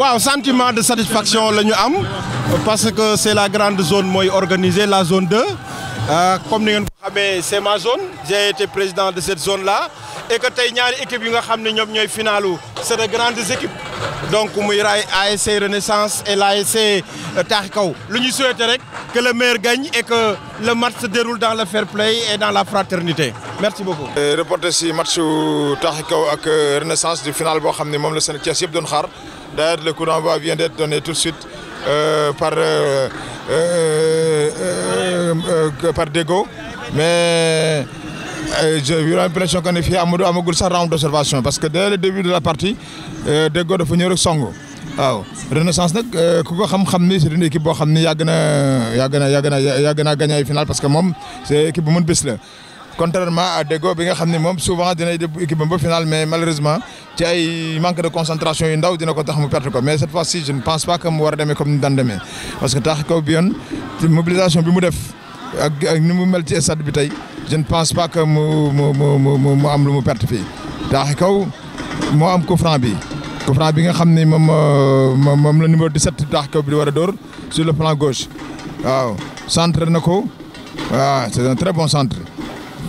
Un sentiment de satisfaction parce que c'est la grande zone moi organisée la zone 2 euh, comme c'est ma zone j'ai été président de cette zone là et que les ñaari équipes yi nga xam ne c'est de grandes équipes donc on va ASC Renaissance et l'ASC euh, Taaxi Kaw lu que le meilleur gagne et que le match se déroule dans le fair play et dans la fraternité merci beaucoup. Euh, reporter le match Taaxi avec ak Renaissance du final boo la seen D'ailleurs, le coup d'envoi vient d'être donné tout de suite euh, par, euh, euh, par Dego. Mais j'ai eu l'impression qu'on est fait à round d'observation. Parce que dès le début de la partie, Dego de Founir Songo. waaw Renaissance nak, ku c'est une équipe qui a gagné la finale parce que moi c'est équipe qui a gagné la contrairement à Deggo bi nga xam ne souvent dinay déglu équipe final mais malheureusement il manque de concentration yu ndaw dina tax mu ko mais cette fois-ci je ne pense pas que mu vais me comme ni parce que tax kaw bi mobilisation bi mu def ak ni mu mel je ne pense pas que mu mu me mu am lu mu perte fii tax kaw moo am coup franc bi. coup franc bi nga numéro 17 tax kaw bi sur le plan gauche centre Nako, c'est un très bon centre.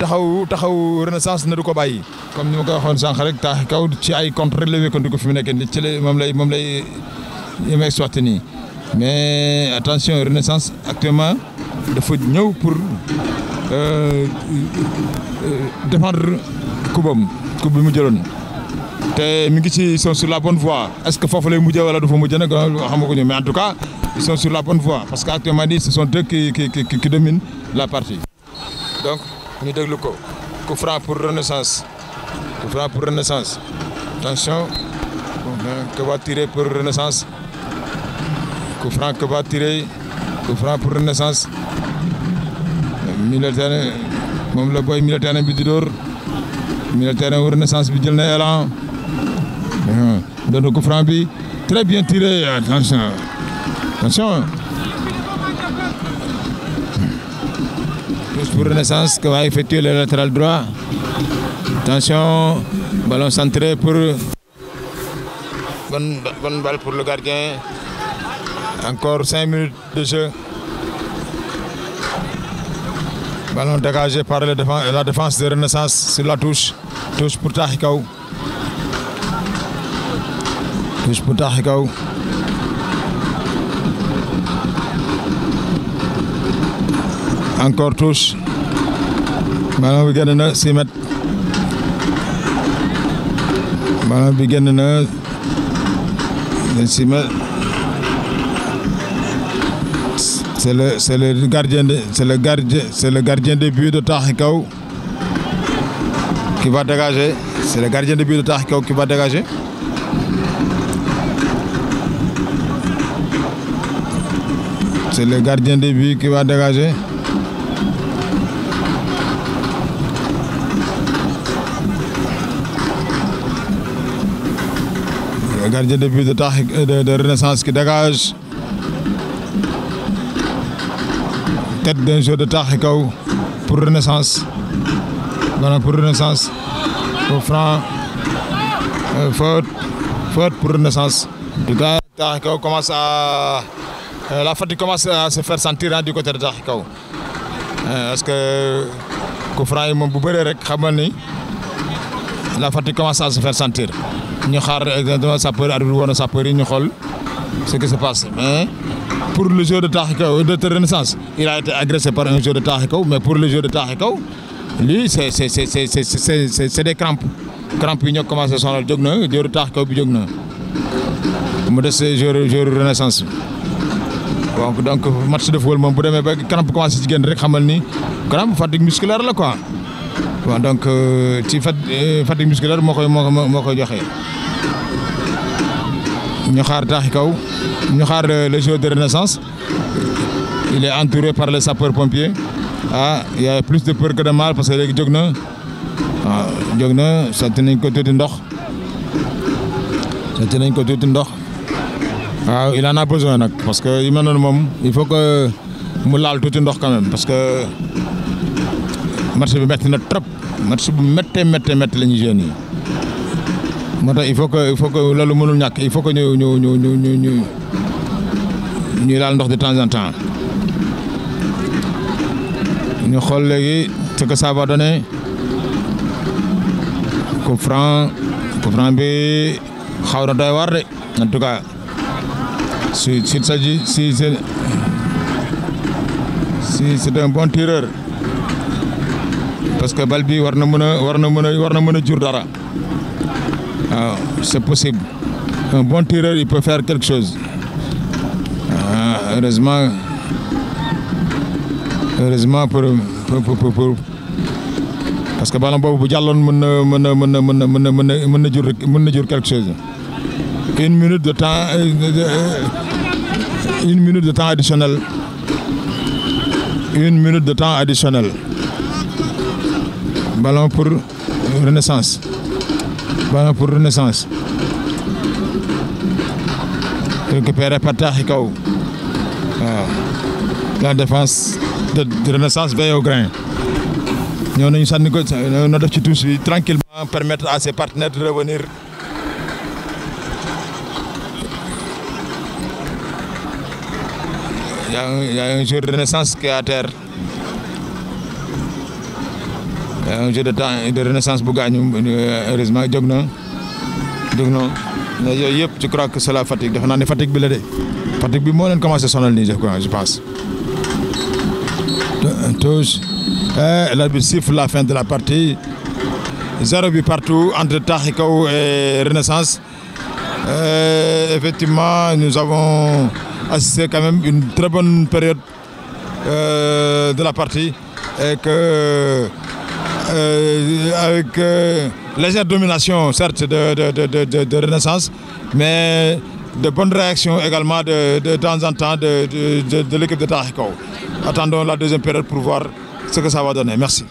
taxawu renaissance ne du ko bàyyi comme ni avons ko waxoon rek taax kaw ci ay compte relevé train de fi mu nekk nii ci qui lay moom lay mais attention renaissance actuellement dafa ñew pour euh, euh, défendre kubam kub bi mu jëlon té mi ngi ci sont sur la bonne voie est-ce que foofu lay mujjee wala du fa mujjee nag ah, xamaguñu mais en tout cas ils sont sur la bonne voie parce qu'actuellement, ce sont eux qui qui qui qui dominent la partie donc ñu pour renaissance coup pour renaissance attention que va tirer pour renaissance coup que va tirer coup pour renaissance militaire mom le boy, militaire bi di militaire pour renaissance bi jël na élan doon coup bi très bien tiré attention attention Touche pour Renaissance qui va effectuer le latéral droit. Attention, ballon centré pour... Bonne, bonne balle pour le gardien. Encore 5 minutes de jeu. Ballon dégagé par la défense, la défense de Renaissance sur la touche. Touche pour Tahikaou. Touche pour Tahikaou. encore touche Maintenant, bi génn na mètres Maintenant, bi génn na mètres c'est le c'est le gardien de c'est le gardien c'est le gardien de but de Taxi qui va dégager c'est le gardien de but de Taxi qui va dégager c'est le gardien de but qui va dégager Le gardien de de, de, Renaissance qui dégage. Tête d'un jeu de tahiko pour Renaissance. Voilà pour Renaissance. Pour Franc. Euh, fort, faute. pour Renaissance. commence à. Euh, la fatigue commence à se faire sentir hein, du côté de Parce euh, Est-ce que. Koufran, il de boubé, la fatigue commence à se faire sentir ñu xaar exactement euh, sapeur arbitre sapeur nous ñu ce qui se passe mais pour le jeu de taaxi de renaissance il a été agressé par un jeu de Tahikau. mais pour le jeu de Tahikau, lui c'est des crampes crampes commencent à commencé sonal sentir. de taaxi bi jóg na Le euh, jeu renaissance donc donc match de football moom bu demee ba crampe à ci génn rek xamal ni crampe fatigue musculaire là quoi donc euh, ci euh, fatigue musculaire moo koy moo koy joxe ñu xaar taaxi kaw ñu xaar euh, le jour de renaissance il est entouré par les sapeurs pompiers ah il y a plus de peur que de mal parce que léegi jóg jogna waaw ah, jóg na sant de ko Ça ndox une côté ko tuuti ndox ah, il en a besoin nak parce que yu mel mom il faut que mu lal tout ndox quand même parce que. match bi métti na trop match bu méttee méttee métti la ñuy jeunes yi moo tax il faut que il faut que loolu mënul ñàkk il faut que ñu ñu ñu ñu ñu ñu ñuy laal ndox de temps en temps ñu xool léegi ce que ça va donner coup franc coup franc bi xaw na doy waar de en tout cas si si si si c'est un bon tireur. parce que Balbi, warna war na pas warna dara c'est possible un bon tireur il peut faire quelque chose ah, heureusement heureusement pour pour pour parce que ballon il bu na quelque chose une minute de temps euh, euh, une minute de temps additionnel une minute de temps additionnel ballon pour Renaissance ballon pour Renaissance Le par taaxi kaw la défense de Renaissance veille au grain Nous avons tous tranquillement permettre à ses partenaires de revenir il y a un jour de Renaissance qui est à terre euh, un jeu de temps de renaissance bu euh, heureusement jogna jogna jóg na yooyu je crois que c'est la fatigue defe naa ne fatigue bi la de fatigue bi mo len commencer sonal ni je crois je pense. touche euh, la siffle la fin de la partie zéro but partout entre Taxi et Renaissance euh, effectivement nous avons assisté quand même une très bonne période euh, de la partie et que euh, avec euh, légère domination, certes, de, de, Renaissance, mais de bonnes réactions également de, temps en temps de, de l'équipe de Tahiko. Attendons la deuxième période pour voir ce que ça va donner. Merci.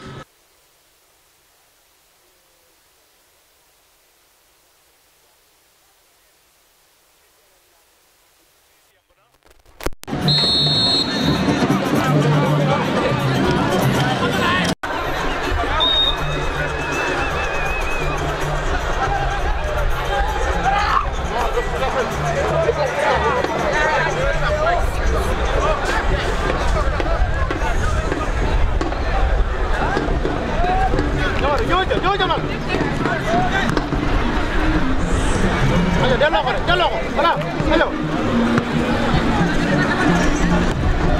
lo hago. hola, hello.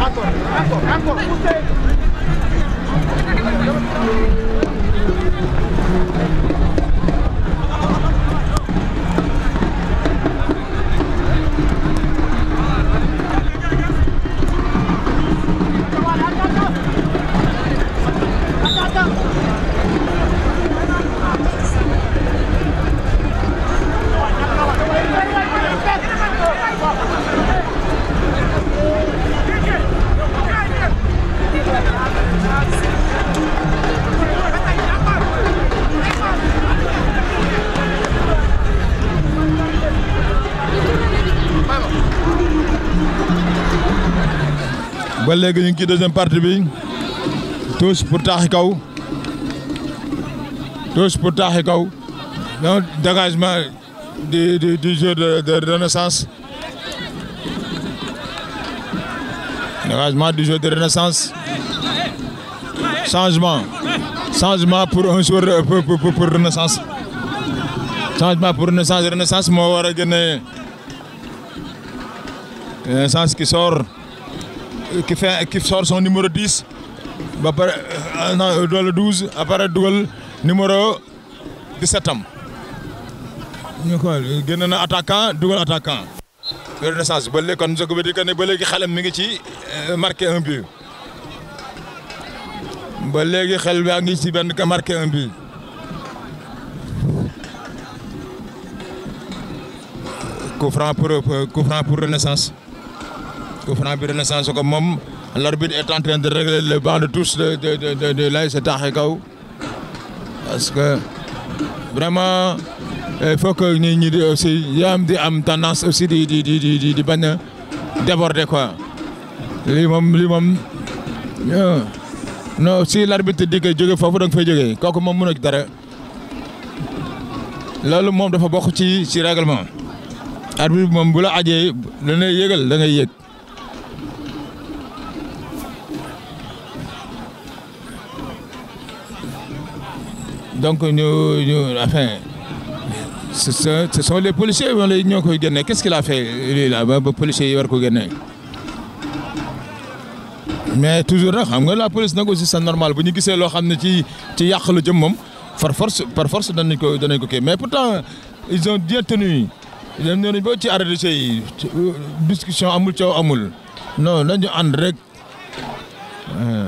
Anco, anco, anco, usted. ba léegi deuxième partie tous pour Tahikaou. tous pour Tahikaou. donc dégagement du du jeu de renaissance dégagement du jeu de renaissance changement changement pour un jour pour renaissance changement pour renaissance renaissance moi je renaissance qui sort. qui fait qui sort son numéro 10 ba pare euh, non wala euh, 12 après dugal numéro 17 am ñu xool génn na attaquant dugal attaquant. renaissance ba léegi kon je veux dire que ne ba léegi xelam mi ngi ci euh, marqué un ba léegi xel yaa ngi ci benn marqué un but. coup franc renaissance. Franc bi renaissance ko moom l'arbitre est en train de régler le banc de tous de de de de, de Kaw parce que vraiment il faut que ñi ñi di di am tendance aussi di di di di di bañ a déborder quoi lii moom lii moom non si l'arbitre di ko jóge foofu da nga fay jógee kooku moom mën a dara loolu moom dafa bokk ci si règlement arbitre bi moom bu la ajee da ngay yëgal da donc ñu ñu enfin ce sont les policiers les ñoo qui génne qu'est-ce qu'il a fait lui là ba policiers qui war ko mais toujours nag hein, xam nga la police nag aussi c'est normal bu ñu gisee loo xam ne ci ci yàq la jëm moom par force par force danañ ko danañ ko kii mais pourtant ils ont bien tenu ont nañu ci arrêté euh, discussion amul coow amul non nañu ànd rek. Euh.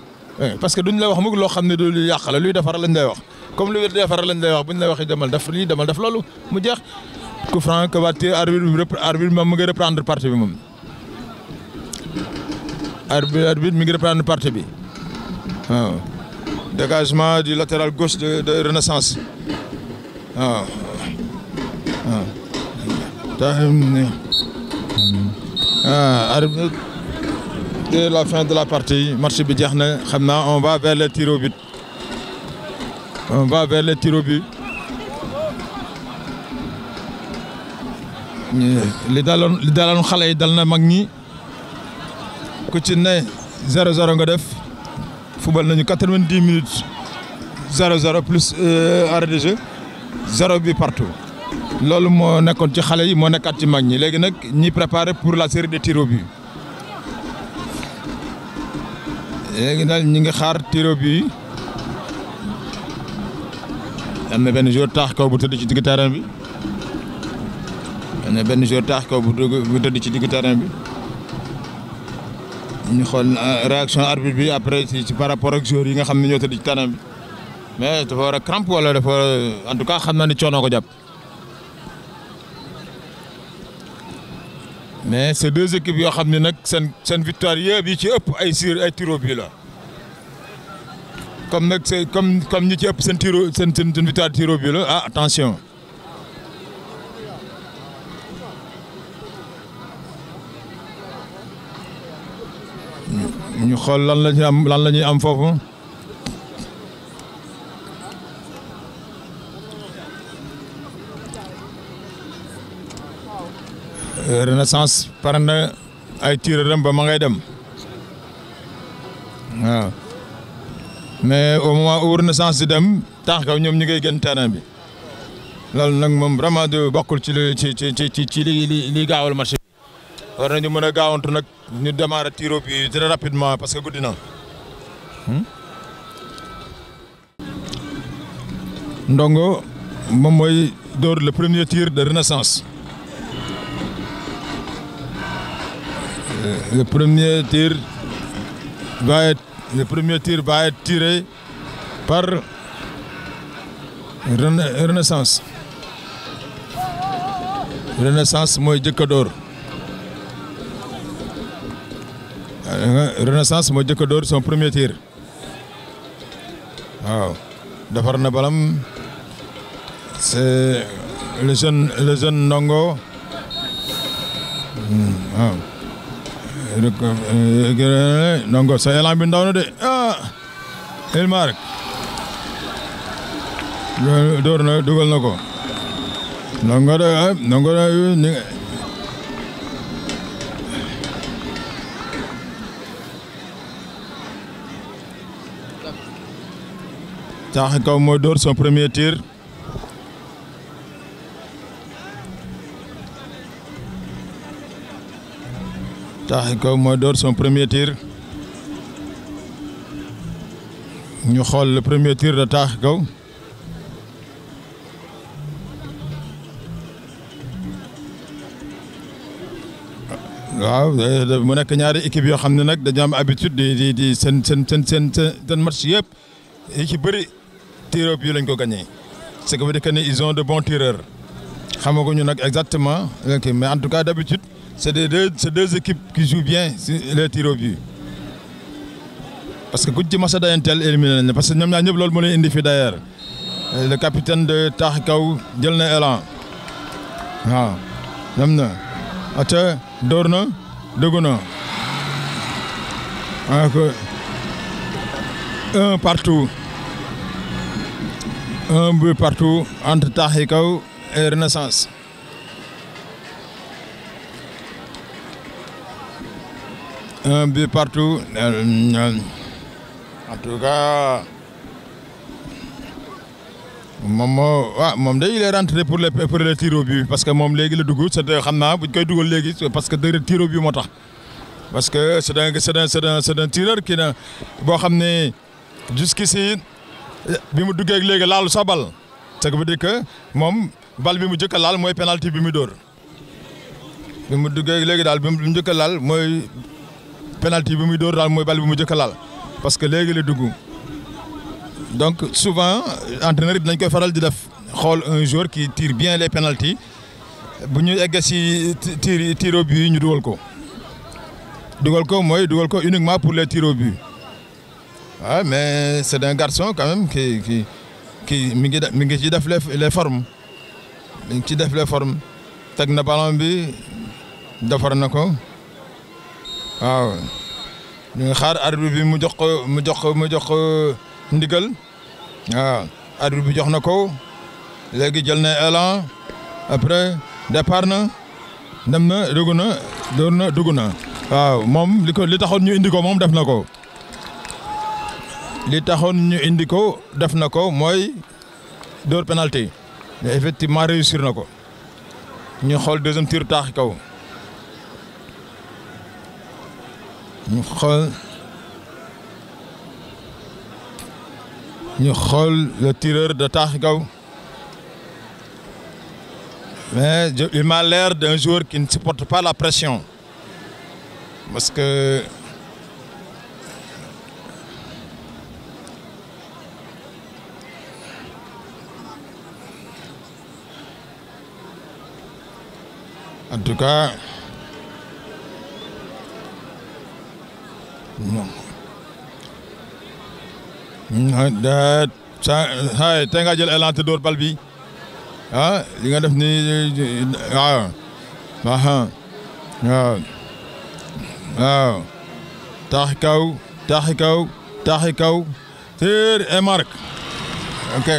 Eh, parce que nous la wax du la lañ lay wax comme lu lañ lay wax buñ la waxi demal daf li demal daf lolu mu franc arbitre reprendre partie bi arbitre reprendre bi dégagement du latéral gauche de de Renaissance ah, de la fin de la partie. Marché on va vers le tir au but. On va vers les tir au but. Les dalons, les dalons, les dalons, les dalons, les 0-0 90 minutes 0-0 plus euh, arrêt de jeu 0 8 partout. C'est ce que je veux dire, c'est ce que je préparé pour la série de tirs au but. léegi daal ñu ngi xaar tiro bi am na benn jour taax kaw bu tëdd ci digg terrain bi am benn jour taax kaw bu bu tëdd ci digg terrain bi ñu xool euh, réaction arbitre bi après ci par rapport ak yi nga xam ne ñoo tëdd ci terrain bi mais dafa war a crampe wala dafa en tout cas xam naa ni coono ko jàpp. mais ces deux équipes yo xamni nak sen sen victoire yëpp yi ci ëpp ay sir ay tiro bi la comme nak c'est comme comme ñi ci ëpp sen tiro sen sen victoire tiro bi la ah attention. ñu xol lan la am lan la am fofu Euh, renaissance pare na ay tireram ba ma ngay dem waaw mais au moment où renaissance di dem taax kaw ñoom ñu ngay gën terrain bi loolu nag moom vraiment du bokkul ci li ci ci ci ci li li gaawal marché bi war nañu mën a gaawantu nag ñu démarrer tiro bi très rapidement parce que guddi na hmm? Ndongo moom mooy door la premier tir de renaissance Euh, le premier tir va être, le premier tir tiré par Renaissance. Renaissance mooy euh, Renaissance mooy son premier tir d'Afar Nabalam c'est le jeune le hmm, donc sa élan de ah Ilma door na dugal na ko ndongo de ah, ndongo de ah, caaxi kaw moo door son premier tir Tahiko son premier tir Nous le premier tir de Tahiko. mu équipe ils ont de bons tireurs xamaguñu nag exactement mais en tout cas d'habitude c'est deux, équipes qui jouent bien les tirs au but. Parce que quand tu tel éliminé. Parce que nous avons un d'ailleurs. Euh, le capitaine de est Djelne Elan. Ah, là. Il Dorna, Un partout. Un but partout entre Il et Renaissance. un but partout. Euh, euh, en tout cas, moom day il est rentré pour les pour le tir au but parce que moom léegi la dugg c'est xam naa buñ koy dugal parce que dëgg tir au but moo parce que c'est un c'est un c'est un c'est un tireur qui na boo xam jusqu'ici bi mu duggee léegi laalu sa bal ce qui veut dire que moom bal bi mu njëkk a laal mooy penalty bi mu dóor bi mu duggee léegi daal bi mu njëkk laal mooy penalty bi muy dóor daal mooy bal bi mu njëkk laal parce que légui la dugg donc souvent entraîneur dañ koy faral di def xol un joueur qui tire bien les penalty bu ñu eggee ci tir tir au but ñu dugal ko dugal ko moy dugal ko uniquement pour les tirs au but Ah mais c'est un garçon quand même qui qui qui mi ngi mi ngi ci def les les formes mi ci def les formes tek na ballon bi defar na ko. waaw ñu ngi xaar arbitre bi mu jox ko mu jox ko mu jox ko ndigal waaw arbitre bi jox na ko léegi jël na élan après départ na dem na dugg na door na dugg na waaw moom li ko li taxoon ñu indi ko moom def na ko li taxoon ñu indi ko def na ko mooy door penalty effectivement réussir na ko ñu xool deuxième tir taax kaw Nous le tireur de Targaou. Mais il m'a l'air d'un joueur qui ne supporte pas la pression. Parce que en tout cas xay tey nga jël élan te dóor bal ah li nga def ni ah, ah, waaw waaw waaw taaxi kaw taaxi kaw taaxi kaw tir et marque ok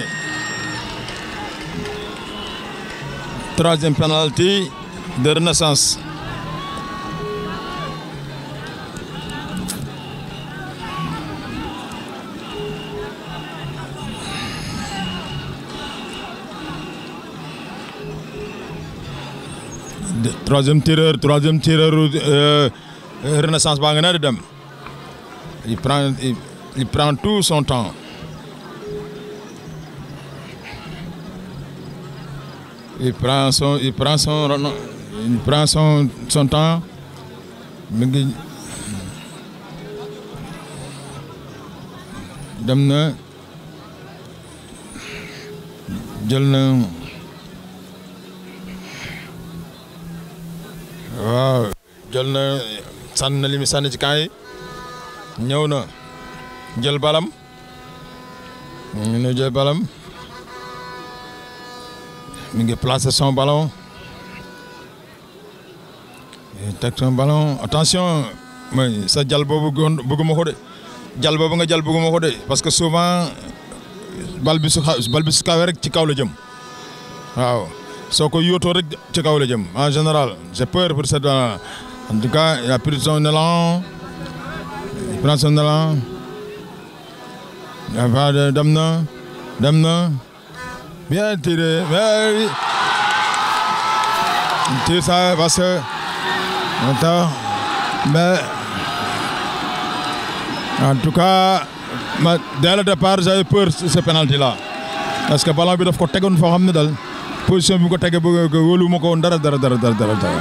troisième penalty de renaissance troisième tireur troisième tireur euh, renaissance baa il prend il, il prend tout son temps il prend son il prend son il prend son son temps mu ngi waaw jël na sànn na li mu ci kaay ñëw na jël balam ñu ne jël balam mi ngi placé son ballon teg son ballon attention mooy sa jal boobu bëgguma ko de jal boobu nga jal bëgguma ko de parce que souvent bal bisu su bal bi su kawee rek ci kaw la jëm waaw Soko yoto rek ci kaw la en général j'ai peur pour cette euh, en tout cas il a pris son élan il prend son élan dem na bien tiré mais tire ça parce que en tout cas dès le départ j'avais peur de ce penalty là parce que ballon bi daf ko tegoon fo xamni dal position bi mu ko tegee bëgg wóolu ma ko woon dara dara dara dara dara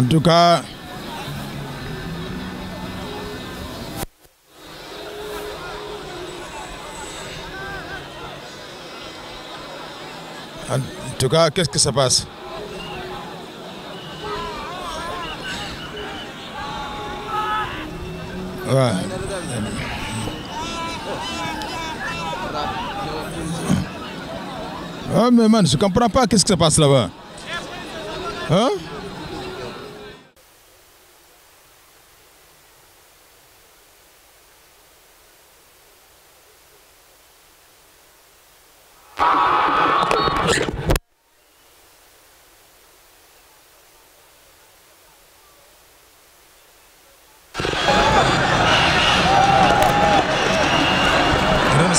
en tout cas en tout cas qu'est-ce que ça passe Ouais. ah mais man je comprends pas qu'est-ce qui se passe là-bas hein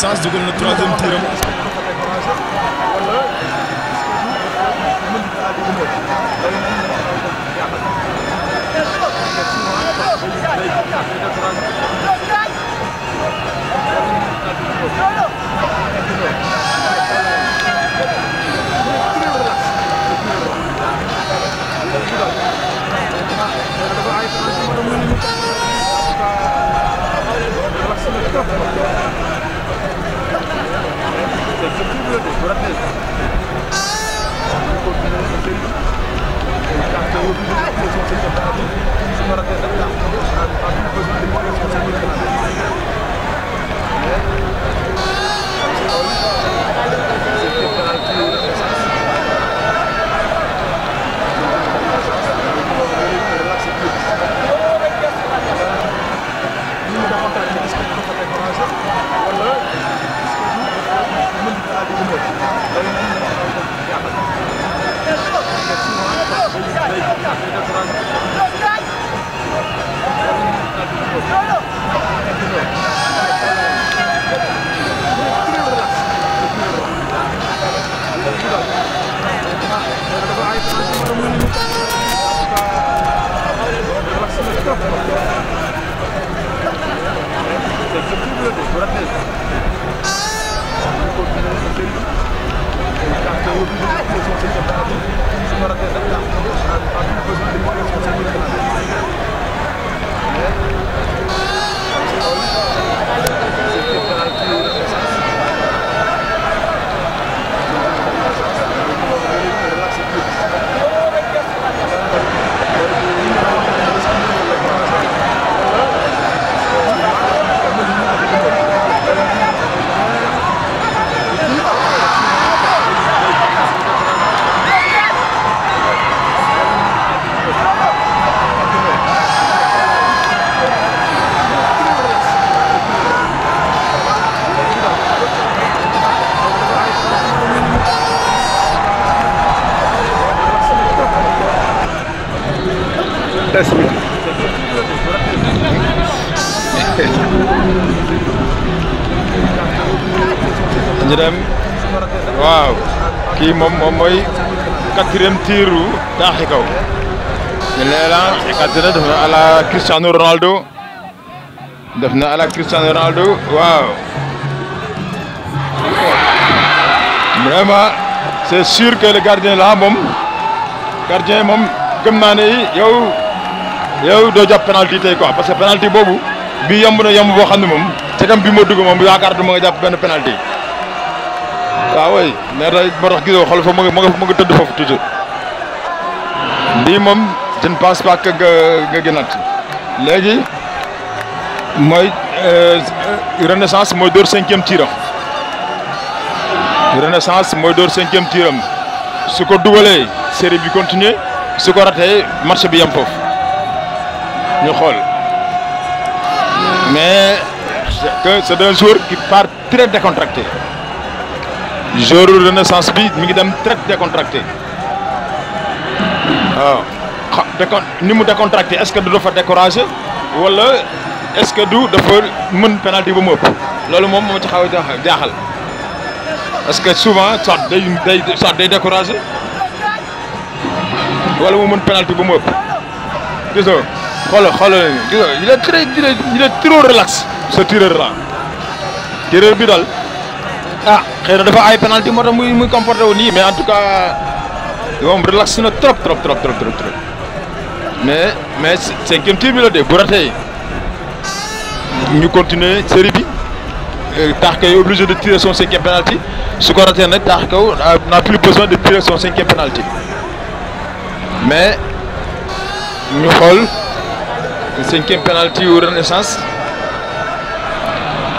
sansız gol nutradın kii moom moom mooy quatrième tiiru taaxi kaw ñu leela xikante na def na ala Cristiano Ronaldo def na ala Cristiano Ronaldo waaw vraiment c'est sûr que le gardien là moom gardien moom gëm naa ne yow yow doo jàpp penalty tey quoi parce que boobu bi yomb na yomb boo xam ne moom segam bi ma dugg moom yaakaar du ma nga jàpp benn penalty Ah, waaw waay nee na moo tax gisoo xool fa mu ngi mu ngi mu ngi tëdd foofu toujours bii moom je ne pense pas que nga nga gënaat léegi mooy euh, renaissance mooy dóor cinquième tiram renaissance mooy dóor cinquième tiram su ko dugalee série bi continuer suko ko ratee match bi yam foofu ñu xool mais que c'est un joueur qui part très décontracté. jour de renaissance bi mi ngi dem très décontracté Ah, xa ni mu décontracté est-ce que du dafa découragé wala est-ce que du dafa mën penalty bu mopp ëpp mom moom ci xaw a jaaxal parce que souvent ça day day soit day découragé wala mu mën penalty bu mopp ëpp gis nga xoolal il est très il est trop relax ce tireur là tireur bi dal xëy na dafa ay penalty moo tax muy muy comporté wu nii mais en tout cas trop trop trop trop trop mais mais cinquième tir bi la de bu ratee ñu continuer série bi euh, taax kaw de tirer son cinquième penalty su ko ratee nag taax kaw n'a plus besoin de tirer son cinquième penalty mais ñu xool cinquième penalty wu renaissance.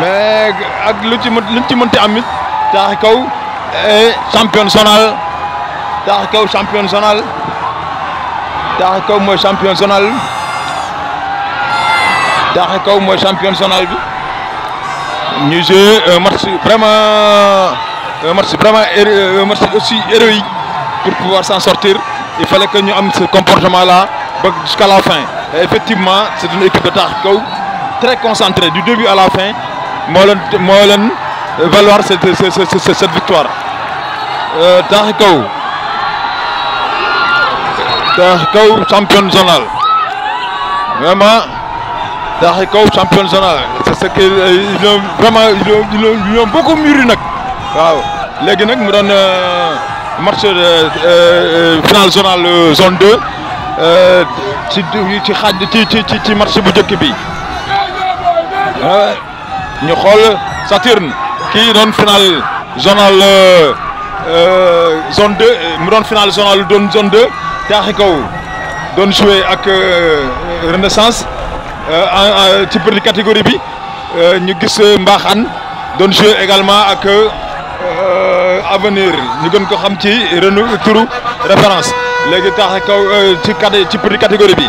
mais avec lu ci lu eh, champion zonal Tarko champion zonal taax moi champion zonal taax moi champion zonal Nous ñu vraiment vraiment un aussi héroïque pour pouvoir s'en sortir il fallait que nous am ce comportement là jusqu'à la fin effectivement c'est une équipe de Taxaw très concentrée du début à la fin moi leen valoir cette cette victoire. Euh, champion zonal vraiment champion zonal c'est ce qu'ils euh, ont vraiment ils ont beaucoup mûri nag waaw euh, match final zonal zone 2 ci ñu xool Saturne kii doon final zonal euh, zone 2 mu doon final zonal doon zone 2 taaxi kaw jouer joué ak euh, Renaissance euh, ci de catégorie bi euh, ñu gis Mbaaxaan doon joué également ak avenir ñu gën ko xam ci renu turu référence léegi taaxi kaw ci catégorie bi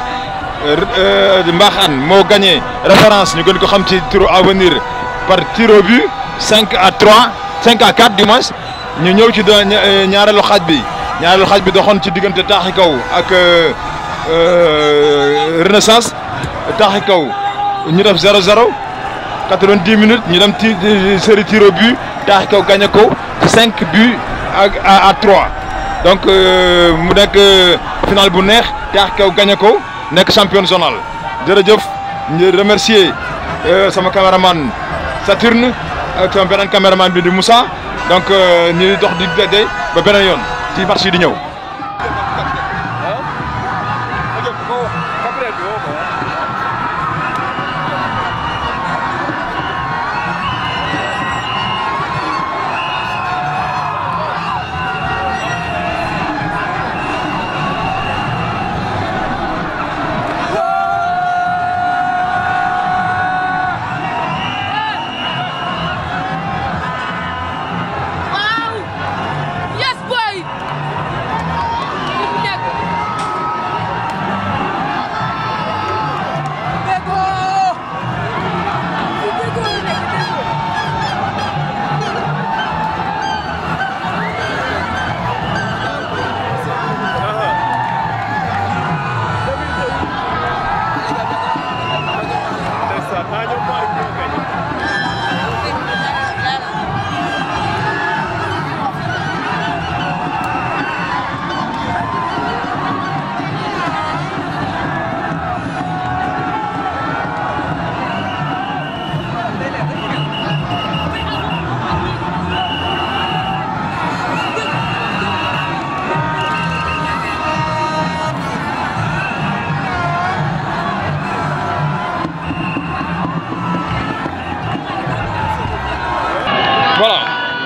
Mbaaxaan moo gagné référence ñu gën ko xam ci turu avenir par tir au but 5 à 3 5 à 4 dimanche ñu ñëw ci euh, ñaaral xaaj bi ñaareelu xaaj bi ci digënté taxikaw ak euh, euh, renaissance taxikaw ñu def 0 0 90 minutes ñu dem série tir au but taaxi gagné ko 5 buts à 3 donc mu nek final bu neex taxikaw gagné ko champion national je remercier sama caméraman Saturne ak sama beneen caméraman bi di musa donc euh, ñu dox di daje ba beneen yoon ci marché yi di ñëw.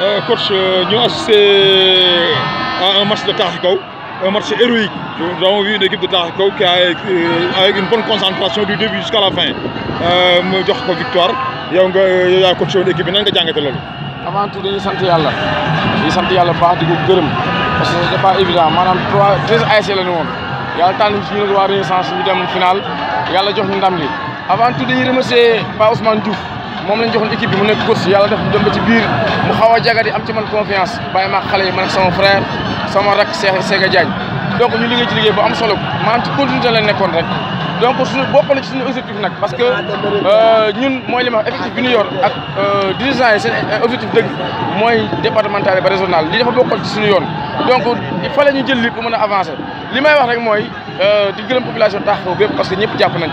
Euh, coach euh, ñu assisté à un match de Taxi Kaw un match héroïque nous avons vu une équipe de Taxi Kaw qui a euh, avec une bonne concentration du début jusqu'à la fin mu jox ko victoire yow nga yow yaa coach woon équipe bi nan nga jàngate loolu avant tout dañuy sant yàlla dañuy sant yàlla baax di ko gërëm parce que c'est pas évident maanaam trois treize ASC la ñu woon yàlla tànn ci ñu nag waa Renaissance ñu dem final yàlla jox ñu ndam li avant tout dañuy remercier Pa Ousmane Diouf moom lañ joxoon équipe bi mu nekk course yàlla def mu dem ba ci biir mu xaw a jagadi am ci man confiance bàyyi ma xale yi man ak sama frère sama rak Cheikh Sega Diagne ñu liggéey ci liggéey bu am solo maanaam ci continuité lañ nekkoon rek donc suñu bokk na ci suñu objectif nag parce que euh, ñun mooy li ma wax effectif ñu yor ak euh, dirigeant yi seen euh, objectif dëgg mooy départemental ba régional lii dafa bokkoon ci suñu yoon donc il fallait ñu jël li pour mën a avancer li may wax rek mooy di gërëm population parce que ñëpp jàpp nañ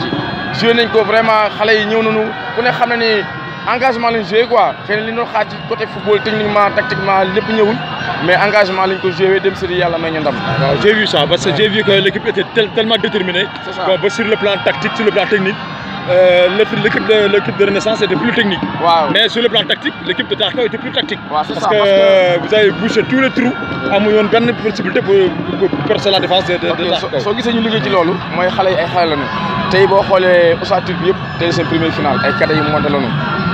ci joué ko vraiment xale yi ñëw nañu xam na ni engagement lañ joué quoi xëy na li ñu xaaj côté football techniquement tactiquement lépp ñewul mais engagement lañ ko joué dem sëriñ yalla may ñu ndam. j'ai vu ça parce que j'ai vu que l'équipe était tellement déterminée. c'est sur le plan tactique sur le plan technique. Euh, l'équipe de, l'équipe de Renaissance était plus technique. Mais sur le plan tactique, l'équipe de Tarka était plus tactique. parce, que vous avez bouché tous les trous. à yeah. une possibilité pour, percer la défense de, de, okay. de Tarkao. Si so, vous so, avez vu ce que nous avons fait, c'est que nous avons fait une première finale. Nous avons fait une première finale.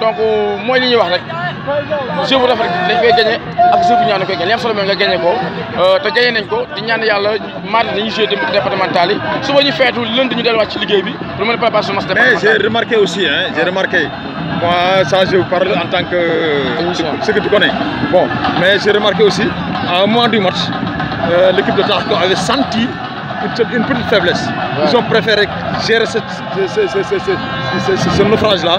donc euh, moi j'ai remarqué aussi hein, j'ai remarqué moi ça je vous parle en tant que. ce que tu connais. bon mais j'ai remarqué aussi à moins du match euh, l'équipe de Tarko avait senti une petite faiblesse. Ils ont préféré gérer ce, naufrage-là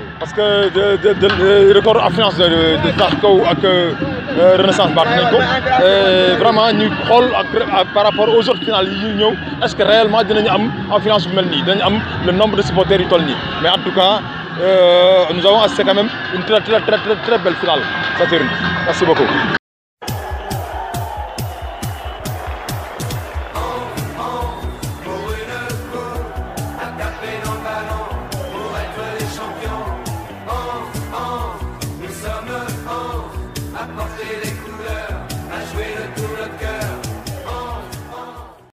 parce que euh, le record en de de Tarko avec euh, euh, Renaissance Barnico, vraiment nous parlons par rapport aux autres finales de est-ce que réellement nous avons affluence bu mel nous am le nombre de supporters mais en tout cas nous avons assez quand même une très très très très très belle finale Saturne merci beaucoup.